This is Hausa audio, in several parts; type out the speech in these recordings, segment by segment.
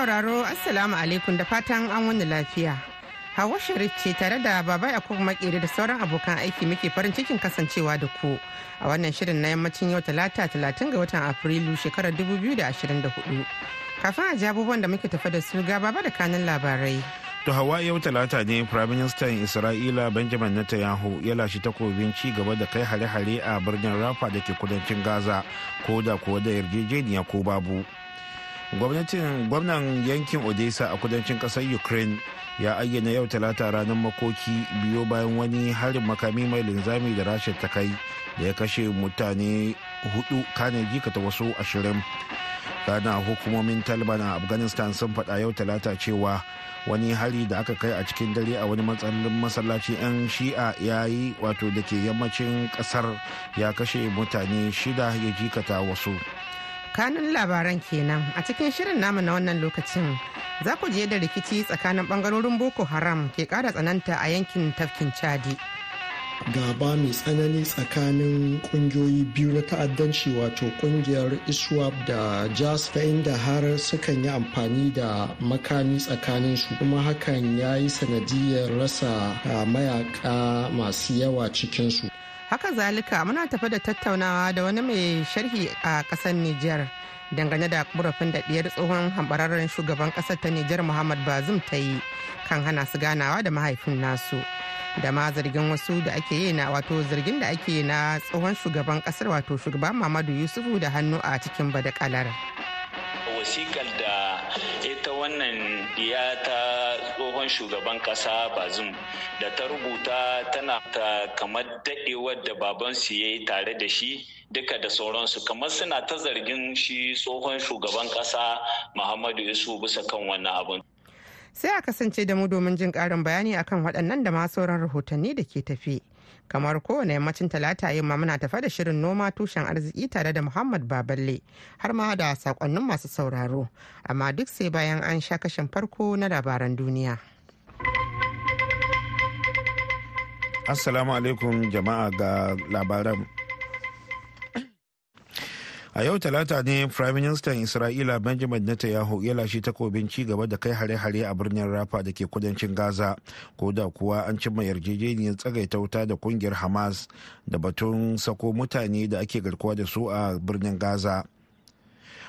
sauraro Assalamu alaikum da fatan an wani lafiya. Hawa Sharif ce tare da Baba Yakub Makere da sauran abokan aiki muke farin cikin kasancewa da ku a wannan shirin na yammacin yau talata talatin ga watan Afrilu shekarar 2024. Kafin a jabu da muke tafa da su ga Baba da kanin labarai. To hawa yau talata ne prime Firaministan Isra'ila Benjamin Netanyahu ya lashe takobin ci gaba da kai hare-hare a birnin Rafa da ke kudancin Gaza ko da kuwa da yarjejeniya ko babu. gwamnan yankin odessa a kudancin kasar ukraine ya ayyana yau talata ranar makoki biyo bayan wani harin makami mai linzami da rashin ta kai da ya kashe mutane hudu kane jikata wasu ashirin gana hukumomin taliban a afghanistan sun faɗa yau talata cewa wani hari da aka kai a cikin dare a wani matsalin masallaci 'yan shi'a ya yi wato da ke yammacin kasar ya kashe mutane shida ya jikata wasu kanun labaran kenan a cikin shirin namu na wannan lokacin za ku je da rikici tsakanin bangarorin boko haram ke kara tsananta a yankin tafkin chadi gaba mai tsanani tsakanin kungiyoyi biyu na ta'addanci wato kungiyar iswap da jas ta inda har sukan yi amfani da makami tsakanin su kuma hakan ya yi sanadiyar rasa ah, mayaka masu yawa cikinsu haka zalika muna tafi da tattaunawa da wani mai sharhi a kasar Nijar dangane da murafin da ɗiyar tsohon hambararren shugaban ƙasar ta Nijar Muhammad Bazum ta yi kan hana su ganawa da mahaifin nasu. da ma zargin wasu da ake yi na wato zargin da ake na tsohon shugaban kasar wato shugaban Muhammadu Yusufu da hannu a cikin badakalar. Wasikar da ita wannan ta shugaban kasa bazum da ta rubuta tana ta kamar daɗewar da babansu ya yi tare da shi duka da sauransu kamar suna ta zargin shi tsohon shugaban kasa muhammadu yusuf bisa kan wannan abin sai a kasance da mu domin jin ƙarin bayani akan waɗannan da ma sauran rahotanni da ke tafi kamar kowane yammacin talata yamma muna tafa da shirin noma tushen arziki tare da muhammad baballe har ma da sakonnin masu sauraro amma duk sai bayan an sha kashin farko na labaran duniya Assalamu alaikum jama'a ga labaran. A yau talata ne Prime Minister Isra'ila Benjamin Netanyahu ya lashe takobin ci gaba da kai hare-hare a birnin Rafa da ke kudancin Gaza, ko da kuwa an cimma yarjejeniyar tsagaita wuta da kungiyar Hamas da batun sako mutane da ake garkuwa da su a birnin Gaza.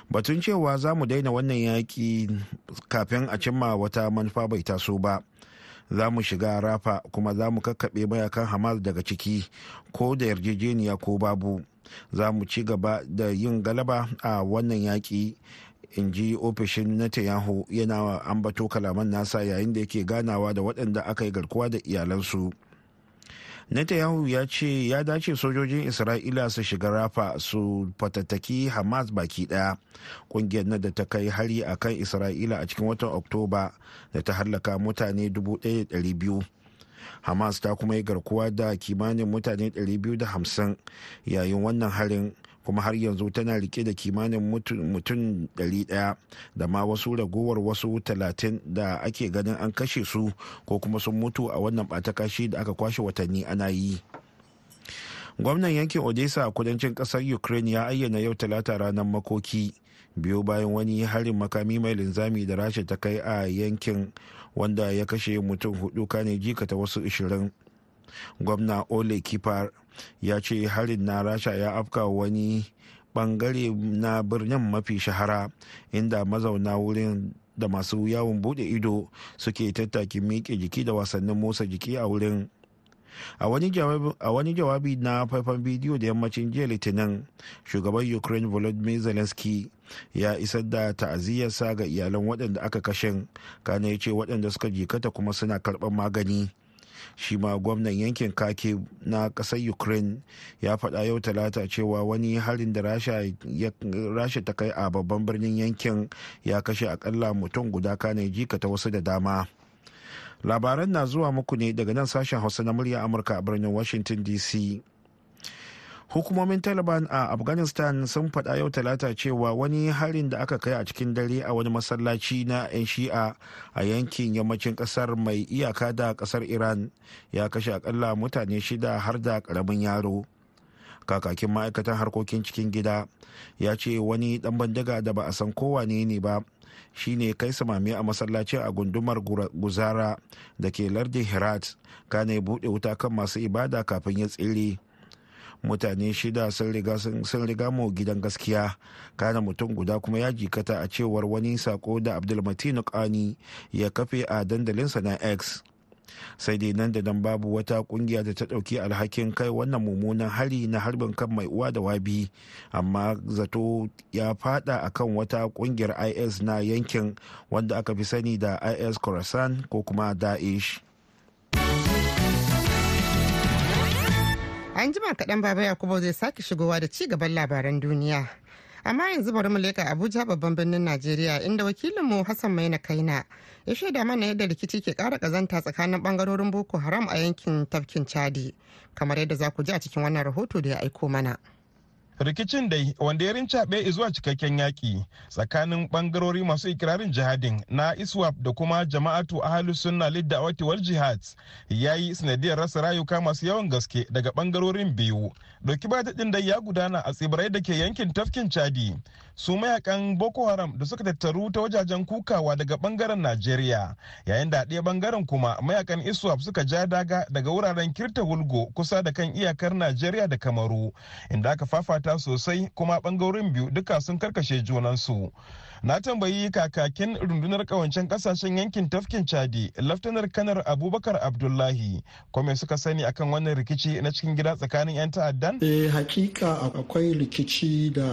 Batun cewa za mu daina wannan yaƙi kafin a cimma wata manufa bai taso ba. za mu shiga rafa kuma za mu kakkaɓe mayakan hamas daga ciki ko da yarjejeniya ko babu za mu ci gaba da yin galaba a wannan yaƙi in ji ofishin netanyahu yana ambato kalaman nasa yayin da yake ganawa da waɗanda aka yi garkuwa da iyalansu Netanyahu ya ce ya dace sojojin Isra'ila su shiga rafa su fatattaki Hamas baki daya kungiyar na da ta kai hari a kan Isra'ila a cikin watan Oktoba da ta hallaka mutane 1,200. Hamas ta kuma yi garkuwa da kimanin mutane 250 yayin wannan harin kuma har yanzu tana rike da kimanin mutum 100 da ma wasu ragowar wasu 30 da ake ganin an kashe su ko kuma sun mutu a wannan kashi da aka kwashe watanni ana yi gwamnan yankin odessa a kudancin kasar ukraine ya ayyana yau talata ranar makoki biyu bayan wani harin makami mai linzami da rasha ta kai a yankin wanda ya kashe mutum hudu kane jikata wasu 20 gwamna ole kifar ya ce harin na rasha ya afka wani bangare na birnin mafi shahara inda mazauna wurin da masu yawon bude ido suke tattaki miƙe jiki da wasannin motsa jiki a wurin a wani jawabi na faifan bidiyo da yammacin jiya litinin shugaban ukraine volodymyr zelensky ya isar da ta'aziyyarsa ga iyalan waɗanda aka kashe kana ya ce waɗanda suka jikata kuma suna karɓar magani shi ma gwamnan yankin kake na ƙasar ukraine ya faɗa yau talata cewa wani harin da rasha ta kai a babban birnin yankin ya kashe akalla mutum guda kane jika ta wasu da dama labaran na zuwa muku ne daga nan sashen hausa na murya amurka a birnin washington dc hukumomin taliban a afghanistan sun faɗa yau talata cewa wani harin da aka kai a cikin dare a wani masallaci na 'yan shi'a a yankin yammacin ƙasar mai iyaka da ƙasar iran ya kashe akalla mutane shida har da ƙaramin yaro kakakin ma'aikatan harkokin cikin gida ya ce wani dan bandiga da ba a san kowane ne ba shine kai samami a masallaci a gundumar guzara da ke lardin herat kane buɗe wuta kan masu ibada kafin ya tsire mutane shida sun riga mu gidan gaskiya kana mutum guda kuma ya jikata a cewar wani sako da abdulmatinu kani ya kafe a dandalinsa na x sai dai nan da nan babu wata kungiya da ta ɗauki alhakin kai wannan mummunan hari na harbin kan mai uwa da wabi amma zato ya fada akan wata kungiyar is na yankin wanda aka fi sani da is khorasan ko kuma daesh An jima kaɗan Baba Yakubu zai sake shigowa da ci gaban labaran duniya. Amma yanzu bari mu leƙa Abuja babban birnin Najeriya inda wakilinmu Hassan Maina Kaina ya shaida mana yadda rikici ke ƙara ƙazanta tsakanin ɓangarorin Boko Haram a yankin tafkin Chadi. Kamar yadda za ku ji a cikin wannan rahoto da ya aiko mana. rikicin dai wanda ya rincaɓe zuwa cikakken yaƙi tsakanin ɓangarori masu ikirarin jihadin na iswap da kuma jama'atu a ahalus sunna lidda'awati wal jihad ya yi sanadiyar rasa rayuka masu yawan gaske daga ɓangarorin biyu ɗauki ba daɗin dai ya gudana a tsibirai da ke yankin tafkin chadi su mayakan boko haram da suka tattaru ta wajajen kukawa daga ɓangaren najeriya yayin da ɗaya ɓangaren kuma mayakan iswap suka ja daga daga wuraren kirta wulgo kusa da kan iyakar najeriya da kamaru inda aka fafata sosai kuma bangarorin biyu duka sun karkashe junansu na tambayi kakakin rundunar kawancen kasashen yankin tafkin chadi laftanar kanar abubakar abdullahi kome suka sani akan wannan rikici na cikin gida tsakanin 'yan ta'addan eh hakika akwai rikici da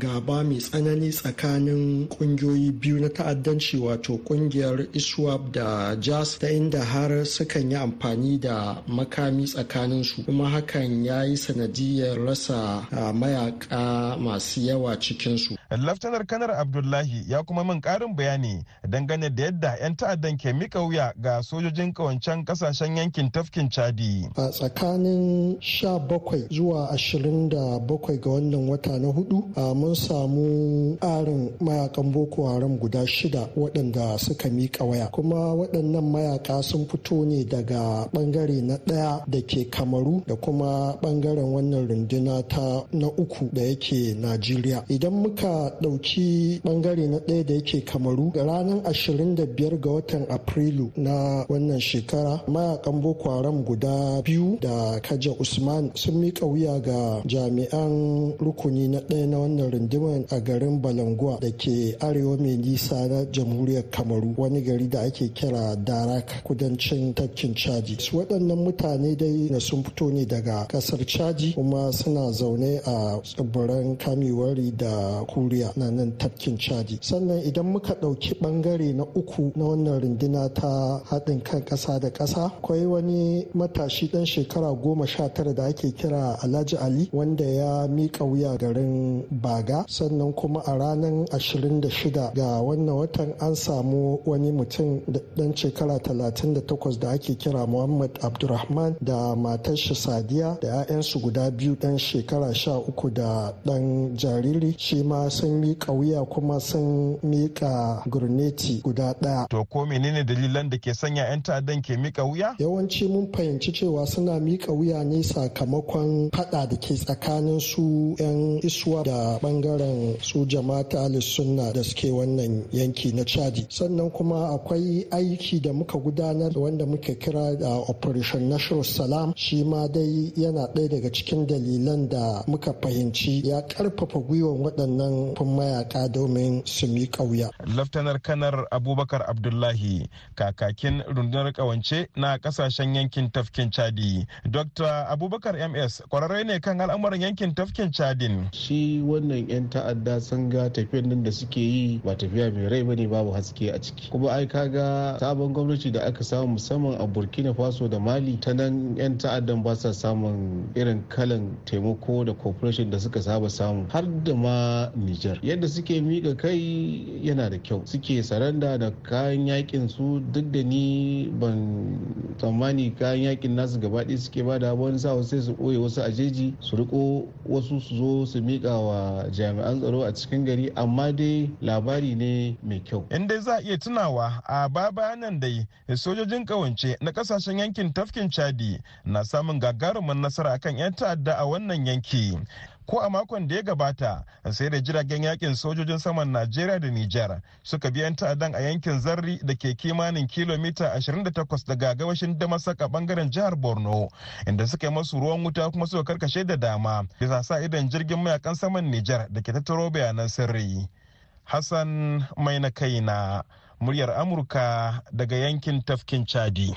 gaba mai tsanani tsakanin kungiyoyi biyu na ta'addanci wato kungiyar iswap da jas ta inda har sukan yi amfani da makami tsakanin su kuma hakan ya yi sanadiyar rasa ah, mayaka masu yawa cikinsu laftanar kanar abdullahi abdullahi ya kuma min karin bayani dangane da yadda 'yan ta'addan ke mika wuya ga sojojin kawancen kasashen yankin tafkin chadi a tsakanin 17 zuwa 27 ga wannan wata na hudu mun samu karin mayakan boko haram guda shida waɗanda suka mika waya kuma waɗannan mayaka sun fito ne daga bangare na ɗaya da ke kamaru da kuma bangaren wannan runduna ta na uku da yake najeriya idan muka ɗauki ɓangare. bangare na ɗaya da yake kamaru da ranar 25 ga watan afrilu na wannan shekara mayakan boko haram guda biyu da kaja usman sun miƙa wuya ga jami'an rukuni na ɗaya na wannan rundunar a garin balangwa da ke arewa mai nisa na jamhuriyar kamaru wani gari da ake kira darak kudancin tafkin caji su waɗannan mutane dai na sun fito ne daga ƙasar caji kuma suna zaune a tsibiran kamewar da kuriya na nan tafkin caji sannan idan muka ɗauki ɓangare na uku na wannan rundina ta haɗin kan ƙasa da ƙasa akwai wani matashi ɗan shekara goma sha tara da ake kira alhaji ali wanda ya miƙa wuya garin baga sannan kuma a ranar ashirin da shida ga wannan watan an samu wani mutum ɗan shekara talatin da takwas da ake kira muhammad abdulrahman da matar shi sadiya da 'ya'yansu guda biyu ɗan shekara sha uku da ɗan jariri shi ma sun miƙa wuya kuma sun mika gurneti guda ɗaya. To ko menene dalilan da ke sanya 'yan ta'addan ke mika wuya? Yawanci mun fahimci cewa suna mika wuya ne sakamakon faɗa da ke tsakanin su 'yan iswa. da bangaren su jama'ata sunna da suke wannan yanki na chadi. Sannan kuma akwai aiki da muka gudanar wanda muka kira da Operation National Salam shi ma dai yana ɗaya daga cikin dalilan da muka fahimci ya ƙarfafa gwiwan waɗannan kun mayaka domin su Laftanar Kanar Abubakar Abdullahi kakakin rundunar kawance na kasashen yankin tafkin Chadi. Dr. Abubakar MS kwararre ne kan al'amuran yankin tafkin Chadin. Shi wannan 'yan ta'adda sun ga tafiyan nan da suke yi ba tafiya mai rai bane babu haske a ciki. Kuma ai ga sabon gwamnati da aka samu musamman a Burkina Faso da Mali ta nan 'yan ta'addan ba sa samun irin kalan taimako da cooperation da suka saba samu har da ma Nijar. Yadda suke miƙa kai kai yana da kyau suke saranda da kayan yakin su duk da ni ban tsammani kayan yakin nasu gabaɗaya suke ba da wani sa sai su ɓoye wasu a su riko wasu su zo su miƙa wa jami'an tsaro a cikin gari amma dai labari ne mai kyau. In dai za a iya tunawa a baba nan dai sojojin kawance na kasashen yankin tafkin Chadi na samun gagarumin nasara akan 'yan ta'adda a wannan yanki. ko a makon da ya gabata sai da jiragen yakin sojojin saman najeriya da nijar suka biyan ta'adan a yankin zarri da ke kimanin kilomita 28 daga gabashin damasak a bangaren jihar borno inda suka yi masu ruwan wuta kuma suka karkashe da dama bisa sa idan jirgin mayakan saman nijar da ke tattaro bayanan sirri hassan mai na kaina muryar amurka daga yankin tafkin chadi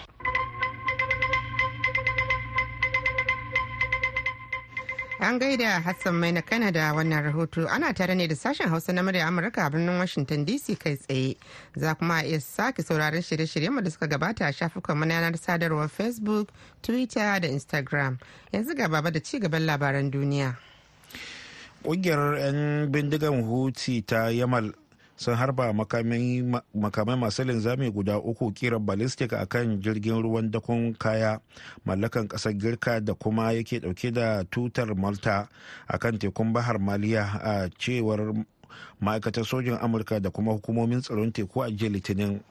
An gaida Hassan mai na Canada wannan rahoto ana tare ne da sashen Hausa na murya Amurka a birnin Washington DC kai tsaye. Za kuma a iya sake sauraron shirye-shiryen da suka gabata a shafukan mu yanar sadarwar Facebook, Twitter da Instagram. Yanzu ga baba da ci gaban labaran duniya. Ƙungiyar 'yan bindigan Houthi ta Yamal sun harba makamai masu linzami guda uku kiran ballistic a kan jirgin ruwan dakon kaya mallakan ƙasar girka da kuma yake dauke da tutar malta a kan tekun bahar maliya a cewar ma'aikatar sojin amurka da kuma hukumomin tsaron teku a jiya litinin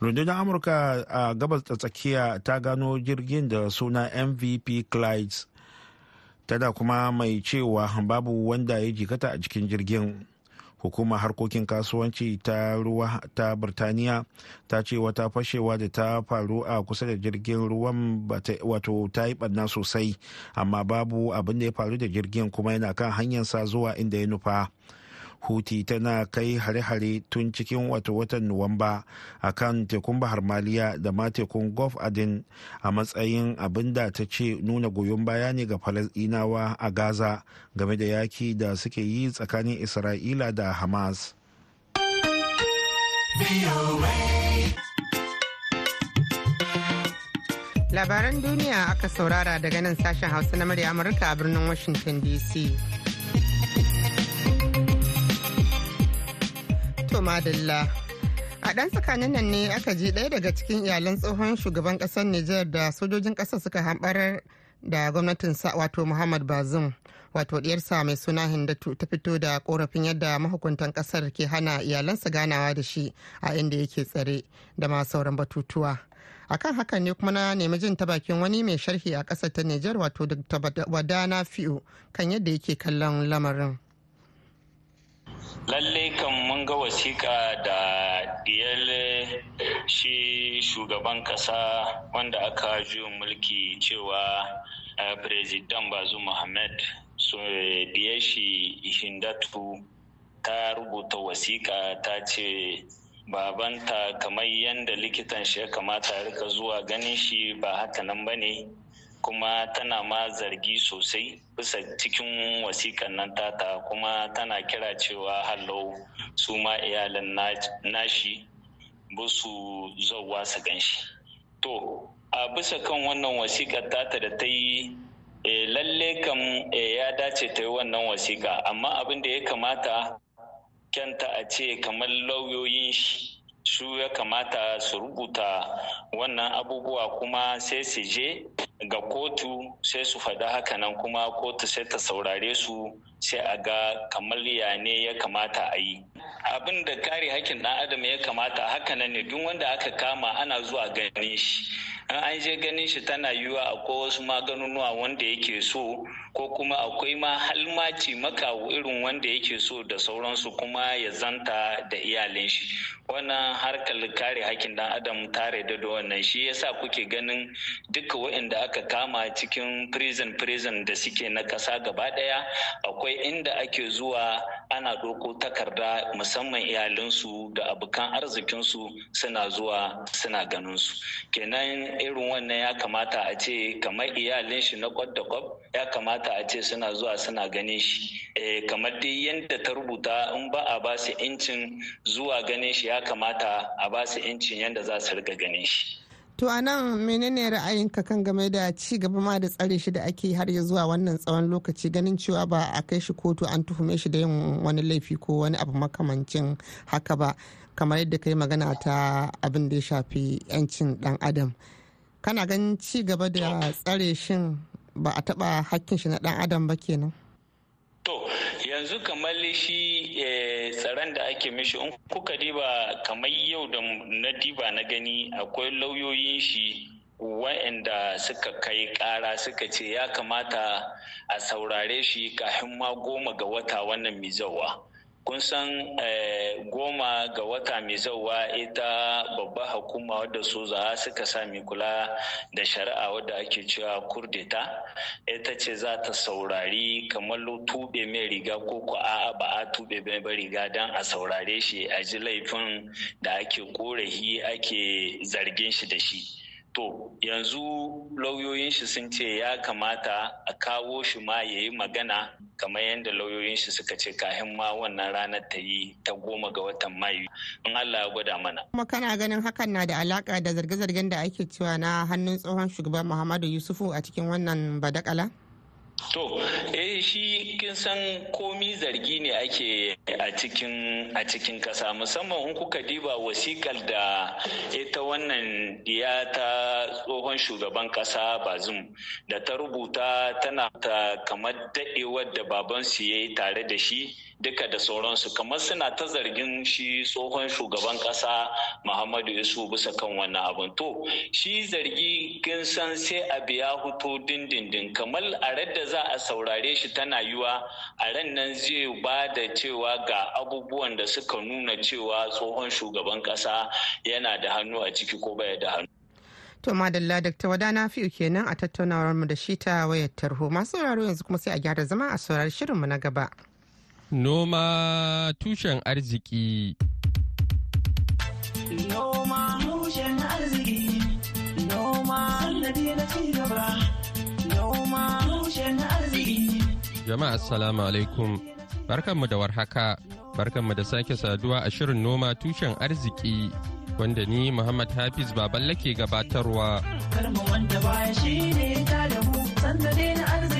rundunar amurka a gabas ta tsakiya ta gano jirgin da suna mvp clyde tana kuma mai cewa babu wanda ya jikata a cikin jirgin hukumar harkokin kasuwanci ta ruwa ta birtaniya ta ce wata fashewa da ta faru a kusa da jirgin ruwan wato ta yi ɓanna sosai amma babu abin da ya faru da jirgin kuma yana kan hanyar sa zuwa inda ya nufa huti tana kai hare-hare tun cikin wata watan nuwamba a kan tekun bahar maliya da ma tekun gulf adin a matsayin abin da ta ce nuna goyon baya ne ga falasɗinawa a gaza game da yaki da suke yi tsakanin isra'ila da hamas labaran duniya aka saurara daga nan sashen hausa na murya amurka a birnin washington dc madalla. A ɗan tsakanin nan ne aka ji ɗaya daga cikin iyalan tsohon shugaban ƙasar Nijar da sojojin ƙasar suka hambarar da gwamnatin sa wato Muhammad Bazum wato sa mai suna Hindatu ta fito da korafin yadda mahukuntan ƙasar ke hana iyalansa ganawa da shi a inda yake tsare da ma sauran batutuwa. akan haka ne kuma na nemi jin ta bakin wani mai sharhi a ƙasar ta Nijar wato Dr. Wadana Fi'u kan yadda yake kallon lamarin. lallai kan mun ga wasiƙa da diyar shi shugaban ƙasa wanda aka juyo mulki cewa Firezidan eh, bazu muhammad so diyar shi hindatu ta rubuta wasiƙa ta ce babanta kamar yadda likitan shi ya kamata rika zuwa ganin shi ba haka nan ba ne kuma tana ma zargi sosai bisa cikin wasiƙan nan tata kuma tana kira cewa hallau su ma iyalin nashi ba su zauwa su ganshi to a bisa kan wannan wasiƙar tata da ta yi eh, lalle kam eh, ya dace ta yi wannan wasiƙa amma abin da ya kamata kyanta a ce kamar lauyoyin shi su ya kamata su rubuta wannan abubuwa kuma sai su je ga kotu sai su faɗi hakanan kuma kotu sai ta saurare su sai a ga kamar ya ne ya kamata a yi abin da kare hakkin ɗan adam ya kamata hakanan ne duk wanda aka kama ana zuwa ganin shi an an je ganin shi tana yiwuwa akwai wasu maganunuwa wanda yake so ko kuma akwai ma halmaci maka irin wanda yake so da sauransu kuma ya zanta da iyalin shi wannan harkar kare hakkin dan adam tare da da wannan shi yasa kuke ganin duka waɗanda aka kama cikin prison prison da suke na ƙasa gaba ɗaya akwai inda ake zuwa ana ɗauko takarda musamman iyalinsu da abokan arzikinsu suna zuwa suna ganinsu kenan irin wannan ya kamata a ce kamar iyalin shi na kwad da kwab ya kamata a ce suna zuwa suna ganin shi eh, kamar dai yadda ta rubuta in ba a ba incin zuwa ganin shi ya kamata a basu incin yadda za su riga ganin shi to a nan menene ra'ayinka kan game da ci gaba ma da tsare shi da ake har ya zuwa wannan tsawon lokaci ganin cewa ba a kai shi kotu an tuhume shi da yin wani laifi ko wani abu makamancin haka ba kamar yadda ka yi magana ta abin da ya shafi 'yancin dan adam kana ganin ci gaba da tsare shin ba a taba hakkin shi na dan adam ba kenan to yanzu kamar shi eh, tsaron da ake mishi in kuka diba kamar yau da na diba na gani akwai lauyoyin shi wa'anda suka kai ƙara suka ce ya kamata a saurare shi kafin ma goma ga wata wannan mizawa kun san eh, goma ga wata mai zauwa ita babbar hukuma wadda su za suka sami kula da shari'a wadda ake cewa kurdita ita ce za ta saurari kamar tube mai riga ko ku a'a ba a tube mai riga don a saurare shi a ji laifin da ake korahi ake zargin shi da shi To yanzu lauyoyin shi sun ce ya kamata a kawo shi ma ya yi magana kamar yadda lauyoyin shi suka ce kahin ma wannan ranar ta yi ta goma ga watan Mayu in Allah ya gwada mana. Kuma kana ganin hakan na da alaka da zarge-zargen da ake cewa na hannun tsohon shugaban Muhammadu Yusufu a cikin wannan badakala? To, eh shi kin san komi zargi ne ake a cikin a cikin ƙasa musamman in kuka diba wasikar da ita wannan diya ta tsohon shugaban ƙasa Bazum da ta rubuta tana ta kamar daɗewar da babansu ya yi tare da shi duka da sauransu kamar suna ta zargin shi tsohon shugaban kasa muhammadu isu bisa kan wannan abin to shi zargi kin san sai a biya huto dindindin kamar a radda za a saurare shi tana yiwa a ran nan zai ba da cewa ga abubuwan da suka nuna cewa tsohon shugaban kasa yana da hannu a ciki ko baya da hannu To madalla Dr. Wadana fiye kenan a tattaunawar mu da shi ta wayar tarho. Masu sauraro yanzu kuma sai a gyara zama a saurari mu na gaba. Noma tushen arziki. Noma tushen arziki. Noma sannadi na ci gaba. Noma tushen arziki. Jama'a assalamu alaikum. Barkanmu da warhaka. Barkanmu da sake saduwa a shirin noma tushen arziki. Wanda ni Muhammad Hafiz Baballe ke gabatarwa. Karmu wanda baya shi ne ta da mu sanda na arziki.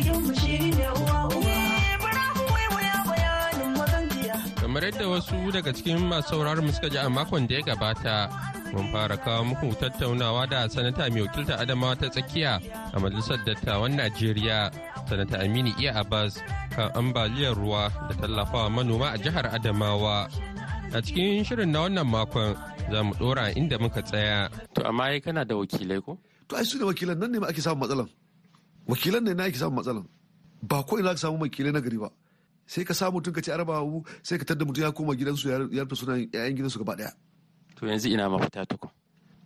kamar yadda wasu daga cikin masu sauraron suka ji a makon da ya gabata mun fara kawo muku tattaunawa da sanata mai wakilta adamawa ta tsakiya a majalisar dattawan najeriya sanata aminu iya abbas kan ambaliyar ruwa da tallafawa manoma a jihar adamawa a cikin shirin na wannan makon za mu dora inda muka tsaya to amma kana da wakilai ko to ai su ne wakilan nan ne ma ake samun matsalan wakilan ne na ake samun matsalan ba ko ina ka samu wakilai na gari ba sai ka samu tun ka ci araba sai ka tada mutum ya koma gidansu ya rufe sunan yayan gidansu gaba daya to yanzu ina mafita tuku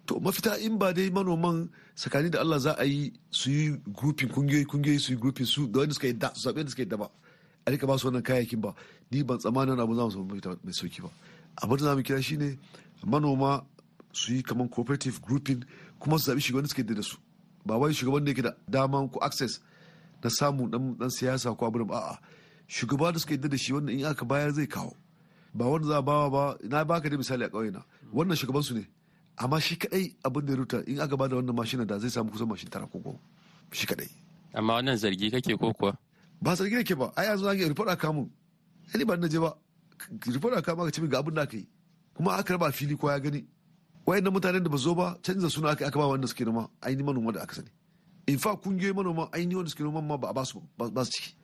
to mafita in ba dai manoman tsakani da Allah za a yi su yi grouping kungiyoyi kungiyoyi su yi grouping su da wanda suka yadda su zaɓe da suka yadda ba a rika ba su wannan kayayyakin ba ni ban tsammanin abu za mu samu mafita mai sauki ba abin da za mu kira shi ne manoma su yi kamar cooperative grouping kuma su zaɓi shugaban da suka yadda da su ba wai shugaban da yake da daman ko access na samu dan siyasa ko abu abin a'a shugaba da suka yadda da shi wanda in aka bayar zai kawo ba wanda za a bawa ba na baka da misali a ƙauyena na wannan shugaban su ne amma shi kadai abin da ya ruta in aka bada wannan mashina da zai samu kusan mashin tara ko goma shi kadai amma wannan zargi kake ko kuwa ba zargi kake ba ai yanzu yi report aka mun ni ban naje ba report aka maka cibin ga abin da aka yi kuma aka raba fili ko ya gani wayannan mutanen da ba zo ba canza suna aka aka ba wannan suke noma ainihin manoma da aka sani in fa kungiyoyi manoma ainihin wanda suke noma ma ba ba su ciki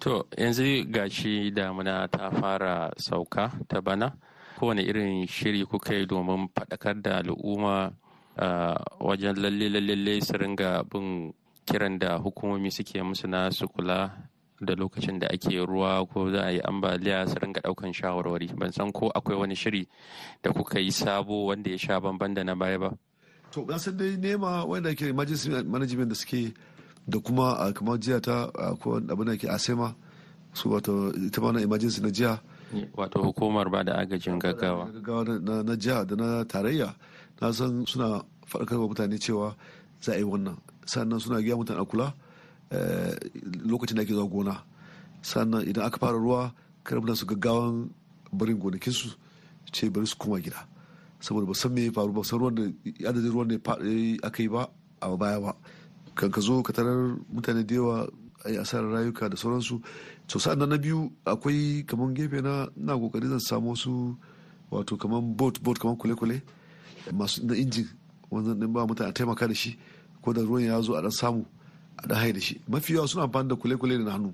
To yanzu gashi damuna ta fara sauka ta bana kowane irin shiri kuka yi domin faɗakar da al'umma wajen lalle-lalle su ringa bin kiran da hukumomi suke musu na su kula da lokacin da ake ruwa ko za a yi ambaliya su ringa ɗaukan shawarwari ban san ko akwai wani shiri da kuka yi sabo wanda ya sha bamban da na baya ba to gasar dai nema wanda ke majalisar management da suke da kuma ah, kamar jiya ta ah, ko abin da ke asema su wato ita ma na emergency na jiya wato hukumar ba da agajin gaggawa gaggawa na jiya da na tarayya na san suna wa mutane cewa za a yi wannan sannan suna giya mutane a kula eh, lokacin da ake zuwa gona sannan idan aka fara ruwa kar mutane su gaggawan barin su ce bari su koma gida saboda ba san me ya faru ba san ruwan da adadin ruwan da aka yi ba a baya ba kan ka zo ka tarar mutane da yawa a yi asarar rayuka da sauransu to sa'an na biyu akwai kamar gefe na na kokari zan samu wasu wato kamar boat boat kamar kule-kule masu na injin wannan din ba mutane a taimaka da shi ko da ruwan ya zo a dan samu a dan da shi mafi yawa suna amfani da kule-kule da hannu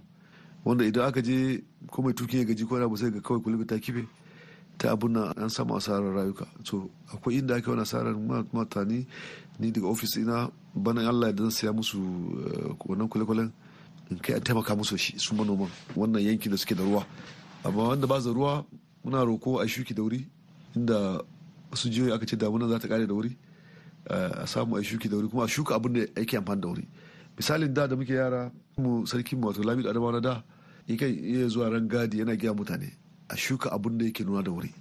wanda idan aka je ko mai tukin ya gaji ko na sai ga kawai kule ta kife ta abunan an samu asarar rayuka so akwai inda ake wani asarar mutane ni daga ofis ina banan allah da zan siya musu eh, wannan kwale-kwalen in kai an taimaka musu shi su manoman wannan yanki da suke da ruwa amma wanda ba za ruwa muna roko a shuki da wuri inda su jiyoyi aka ce damuna za ta kare da wuri eh, a samu a shuki da wuri kuma a shuka abin da yake amfani da wuri misalin da da muke yara mu sarki mu wato lamido adamawa na da yakan iya zuwa ran gadi yana gaya mutane a shuka abun da yake nuna da wuri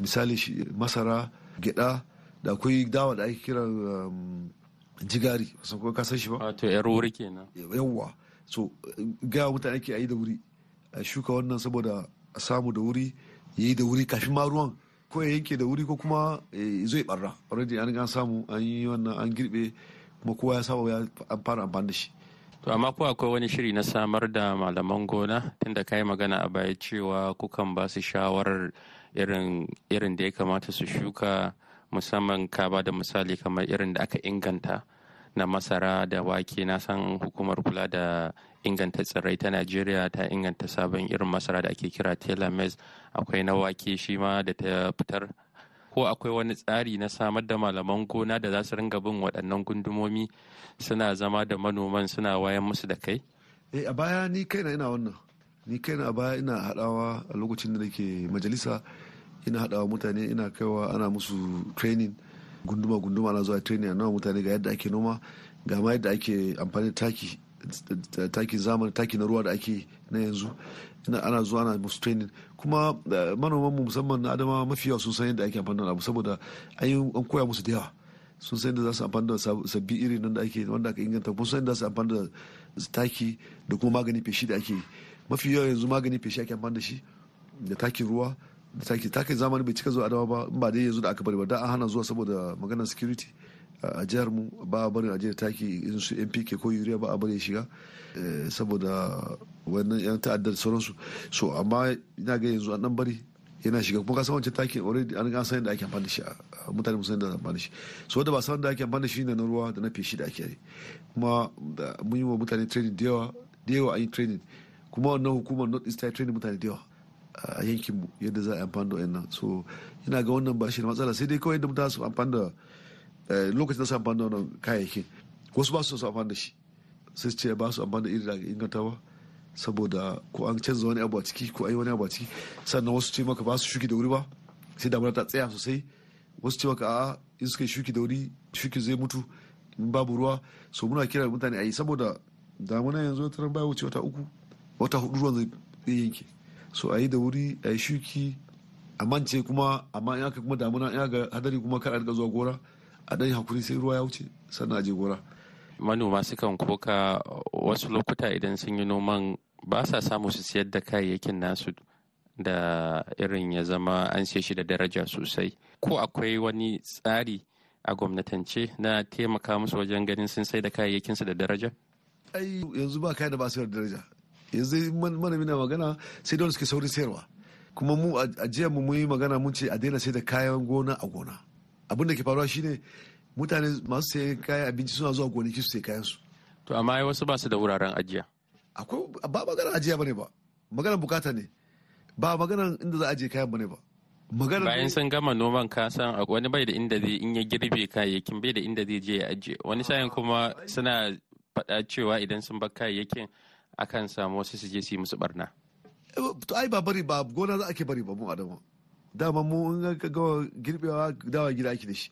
misali masara gyada da akwai dawa da ake kiran um, jigari wasan kuma ka shi ba wato ah, yar wuri kenan yawwa so ga mutane ake yi da wuri a shuka wannan saboda a samu da wuri yayi da wuri kafin ma ruwan ko ya yanke da wuri ko kuma eh, zo zai barra already an samu an yi wannan an girbe kuma kowa ya saba an fara amfani da shi To amma ko akwai wani shiri na samar da malaman gona tunda ka magana a baya cewa kukan ba su shawarar irin da ya kamata su shuka musamman ka ba da misali kamar irin da aka inganta na masara da wake na san hukumar kula da inganta tsirrai ta Najeriya ta inganta sabon irin masara da ake kira "Tel-a-maize" akwai na wake shi ma da ta fitar ko akwai wani tsari na samar da malaman gona da za su ringa bin waɗannan gundumomi suna zama da manoman suna wayan musu da kai? Eh a baya ni kaina ina wannan. Ni kaina a baya ina haɗawa a lokacin da nake majalisa ina haɗawa mutane ina kaiwa ana musu training gunduma gunduma ana zuwa training ana mutane ga yadda ake noma ga ma yadda ake amfani taki takin zamani taki na ruwa da ake na yanzu ana zuwa ana musu training kuma eh, manoman mu musamman na adama mafi yawa sun san yadda ake amfani da abu saboda an koya musu da yawa sun san yadda za su amfani da sabbi iri nan da ake wanda aka inganta kuma san yadda za su amfani da taki da kuma magani feshi da ake mafi yawa yanzu magani feshi ake amfani da shi da takin ruwa da taki takin zamani bai cika zuwa adama ba ba dai yanzu da aka bari ba da an hana zuwa saboda maganar security a jihar mu ba a barin ajiyar taki in su npk ko yuriya ba a bari shiga eh, saboda wannan yan ta'addar sauransu so amma ina ga yanzu an dan bari yana shiga kuma kasan wancan taki already an ga san da ake amfani da shi mutane mu musan da amfani da shi so da ba san da ake amfani da shi na ruwa da na feshi da ake yi kuma mun yi wa mutane training da yawa da yawa an yi training kuma wannan hukumar north east ta training mutane da yawa a yankinmu yadda za a yi amfani da wayannan so ina ga wannan ba shi da matsala sai dai kawai yadda mutane su amfani da Eh, lokacin da su amfani da wannan kayayyakin wasu ba su su amfani da shi sai ce ba su amfani da iri da inganta ba saboda ko an canza wani abu a ciki ko an yi wani abu a ciki sannan wasu ce maka ba su shuki da wuri ba sai damuna ta tsaya sosai wasu ce maka a in suka shuki da wuri shuki zai mutu in babu ruwa so muna kira mutane a yi saboda damuna yanzu ta baya wuce wata uku wata hudu ruwan zai yanke so a yi da wuri a yi shuki a mance kuma amma in aka kuma damuna in aka hadari kuma kar a riga zuwa gora a ɗan hakuri sai ruwa ya wuce sannan a je gora. manoma sukan koka wasu lokuta idan sun yi noman ba sa samu su siyar da kayayyakin nasu da irin ya zama an siya shi da daraja sosai ko akwai wani tsari a gwamnatance na taimaka musu wajen ganin sun sai da kayayyakin su da daraja ai yanzu ba kai da ba su da daraja yanzu manami na magana sai don suke saurin sayarwa kuma mu a jiya mu yi magana mun ce a daina sai da kayan gona a gona abin da ke faruwa shine mutane masu sayan kayan abinci suna zuwa gonaki su sai kayan su to amma ai wasu ba su da wuraren ajiya akwai ba magana ajiya bane ba magana bukata ne ba magana inda za a ajiye kayan bane ba magana bayan sun gama noman kasan wani bai da inda zai in ya girbe kayayyakin bai da inda zai je ya ajiye wani sayan kuma suna faɗa cewa idan sun bar kayayyakin akan samu wasu su je su yi musu barna eh, to ai ba bari ba gona za a ke bari ba mu adamu dama mu in ka gawa girbewa dawa gida ki da shi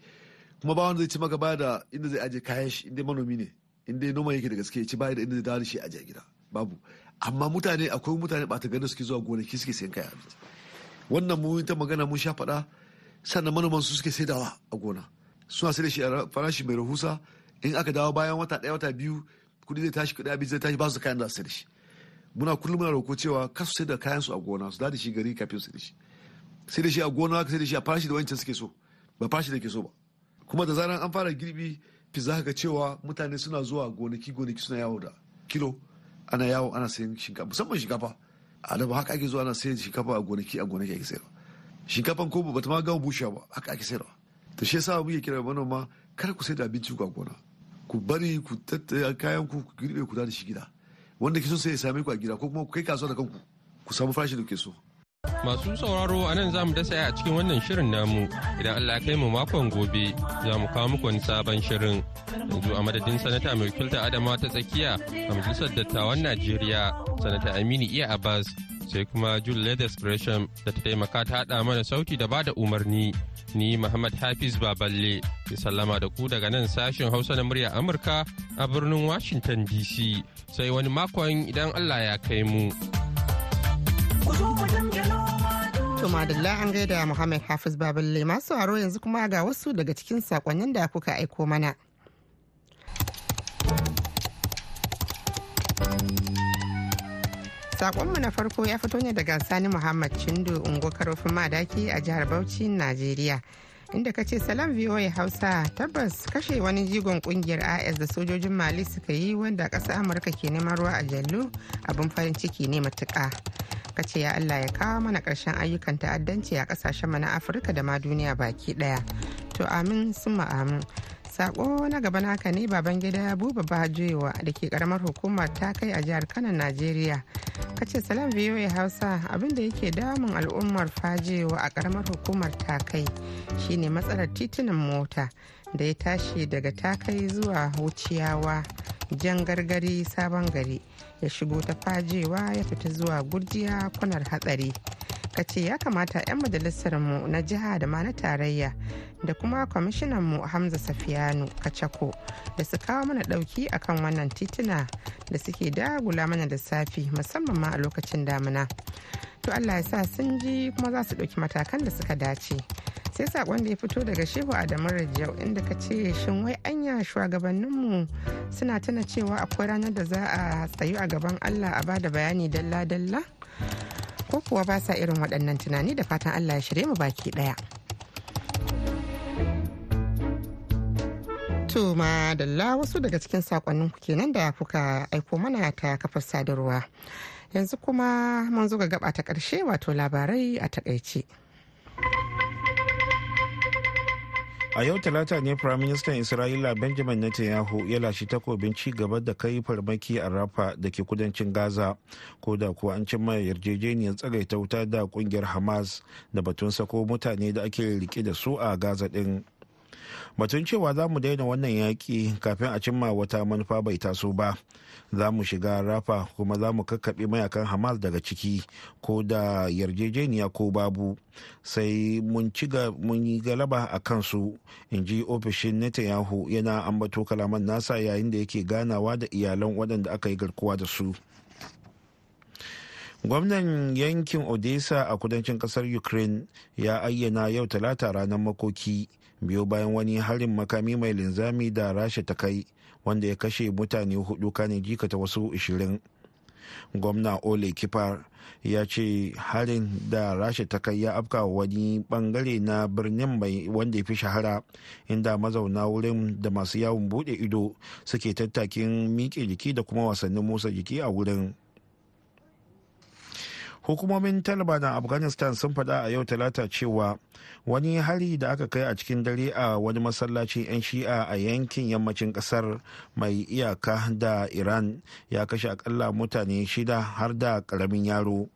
kuma ba wanda zai ci maka baya da inda zai aje kayan shi inda manomi ne inda noma yake da gaske ci baya da inda zai dawo da shi aje gida babu amma mutane akwai mutane ba ta gani suke zuwa gonaki suke sayan kaya wannan mu ta magana mun sha faɗa sannan manoman su suke saidawa a gona suna sai da shi a farashi mai rahusa in aka dawo bayan wata ɗaya wata biyu kudi zai tashi kudi abinci zai tashi ba su kayan da su da shi muna kullum muna roko cewa kasu sai da kayan su a gona su da shi gari kafin su da shi sai da shi a gona sai da shi a farashi da wancan suke so ba farashi da ke so ba kuma da zaran an fara girbi fi za ka cewa mutane suna zuwa gonaki gonaki suna yawo da kilo ana yawo ana sayan shinkafa musamman shinkafa a da ba haka ake zuwa ana sayan shinkafa a gonaki a gonaki ake sayarwa shinkafan ko ba ta ma gama bushewa ba haka ake sayarwa to shi yasa muke kira manoma kar ku sai da abinci ku a gona ku bari ku tattara kayan ku ku girbe ku da shi gida wanda ke so sai ya same ku a gida ko kuma ku kai kasuwa da kanku ku samu farashi da ke so Masu sauraro a nan za mu dasa a cikin wannan shirin namu idan Allah ya kai mu makon gobe za mu kawo muku wani sabon shirin. Yanzu a madadin sanata mai kilta Adama ta tsakiya a majalisar dattawan Najeriya sanata Aminu Iya Abbas sai kuma Jule Leathers Gresham da ta taimaka ta haɗa mana sauti da bada umarni. Ni Muhammad Hafiz Baballe ke sallama da ku daga nan sashen Hausa na murya Amurka a birnin Washington DC sai wani makon idan Allah ya kai mu. To madalla an gaida Muhammad Hafiz Baballe masu aro yanzu kuma ga wasu daga cikin sakonnin da kuka aiko mana. Sakonmu na farko ya fito ne daga Sani Muhammad Chindo Ungo Karofin Madaki a jihar Bauchi, Najeriya. Inda kace ce salam VOA Hausa tabbas kashe wani jigon kungiyar IS da sojojin Mali suka yi wanda ƙasa Amurka ke neman ruwa a jallu abin farin ciki ne matuƙa. ka ce ya Allah ya kawo mana ƙarshen ayyukan ta'addanci a ƙasashen na Afirka da ma duniya baki ɗaya. To amin summa amin. Sako na gaban haka ne baban gida Buba Bajoyewa da ke karamar hukumar ta kai a jihar Kano Najeriya. Ka ce salam ya Hausa abinda yake damun al'ummar fajewa a karamar hukumar ta kai shine matsalar titunan mota da ya tashi daga takai zuwa wuciyawa. jan gargari sabon gari ya shigo ta fajewa ya fita zuwa gurjiya kwanar hatsari ka ce ya kamata 'yan majalisarmu na jiha da ma na tarayya da kuma kwamishinanmu hamza safiyanu kachako da su kawo mana ɗauki akan wannan tituna da suke dagula mana da lissafi musamman ma a lokacin damina to allah ya sa sun ji kuma za su ɗauki matakan da suka dace sai sakon da ya fito daga shehu adamu rajau inda ka ce shin wai anya shugabanninmu suna tana cewa akwai ranar da za a tsayu a gaban allah a bada bayani dalla-dalla ko kuwa ba sa irin waɗannan tunani da fatan allah ya shirye mu baki ɗaya. To madalla wasu daga cikin sakonnin ku kenan da kuka aiko mana ta kafar sadarwa. Yanzu kuma mun zo ga gaba ta ƙarshe wato labarai a takaice. a yau talata ne firaministan isra'ila benjamin netanyahu ya lashe takobin ci gaba da kai farmaki a rafa da ke kudancin gaza ko da kuwa an cimma yarjejeniyar tsagaita wuta da kungiyar hamas da batun sako mutane da ake rike da su a gaza din. batun cewa za mu daina wannan yaƙi kafin a cimma wata manufa bai taso ba za mu shiga rafa kuma za mu kakkaɓe mayakan hamas daga ciki ko da yarjejeniya ko babu sai mun ci yi galaba a kansu in ji ofishin netanyahu yana ambato kalaman nasa yayin da yake ganawa da iyalan waɗanda aka yi garkuwa da su gwamnan yankin odessa a kudancin kasar ukraine ya ayyana yau talata ranar makoki biyo bayan wani harin makami mai linzami da rasha ta kai wanda ya kashe mutane hudu kane jikata wasu 20 gwamna ole kifar ya ce harin da rasha ta kai ya afka wani bangare na birnin mai wanda ya fi shahara inda mazauna wurin da masu yawon bude ido suke tattakin miƙe jiki da kuma wasannin motsa jiki a wurin hukumomin taliban na afghanistan sun faɗa a yau talata cewa wani hari da aka kai a cikin dare a wani masallacin 'yan shi'a a yankin yammacin ƙasar mai iyaka da iran ya kashe akalla mutane shida har da ƙaramin yaro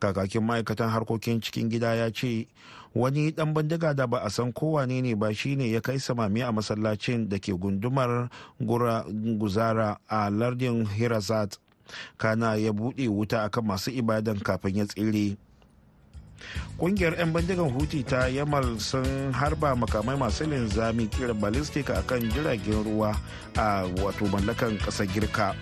kakakin ma'aikatan harkokin cikin gida ya ce wani dan bindiga da ba a san kowane ne ba shine ya kai samami a masallacin da ke gundumar guzara a lardin hirazat kana ya buɗe wuta akan masu ibadan kafin ya tsire kungiyar 'yan bandigan huti ta yamal sun harba makamai masu linzami kira ballistic a jiragen ruwa a wato mallakan ƙasar girka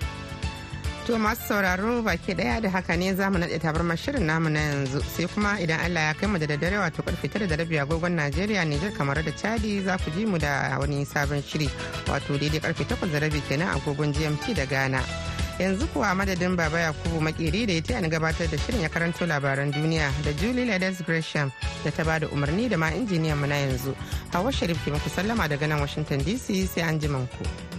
to masu sauraro baki daya da haka ne za mu naɗe tabarmar shirin namu na yanzu sai kuma idan allah ya kai mu da daddare wato karfe tara da rabi agogon najeriya niger kamar da chadi za ku ji mu da wani sabon shiri wato daidai karfe takwas da rabi kenan agogon gmt da ghana yanzu kuwa madadin baba yakubu makeri da ya taya ni gabatar da shirin ya karanto labaran duniya da julie ladis gresham da ta bada umarni da ma injiniyan mu na yanzu hawa sharif ke muku sallama daga nan washington dc sai an ku.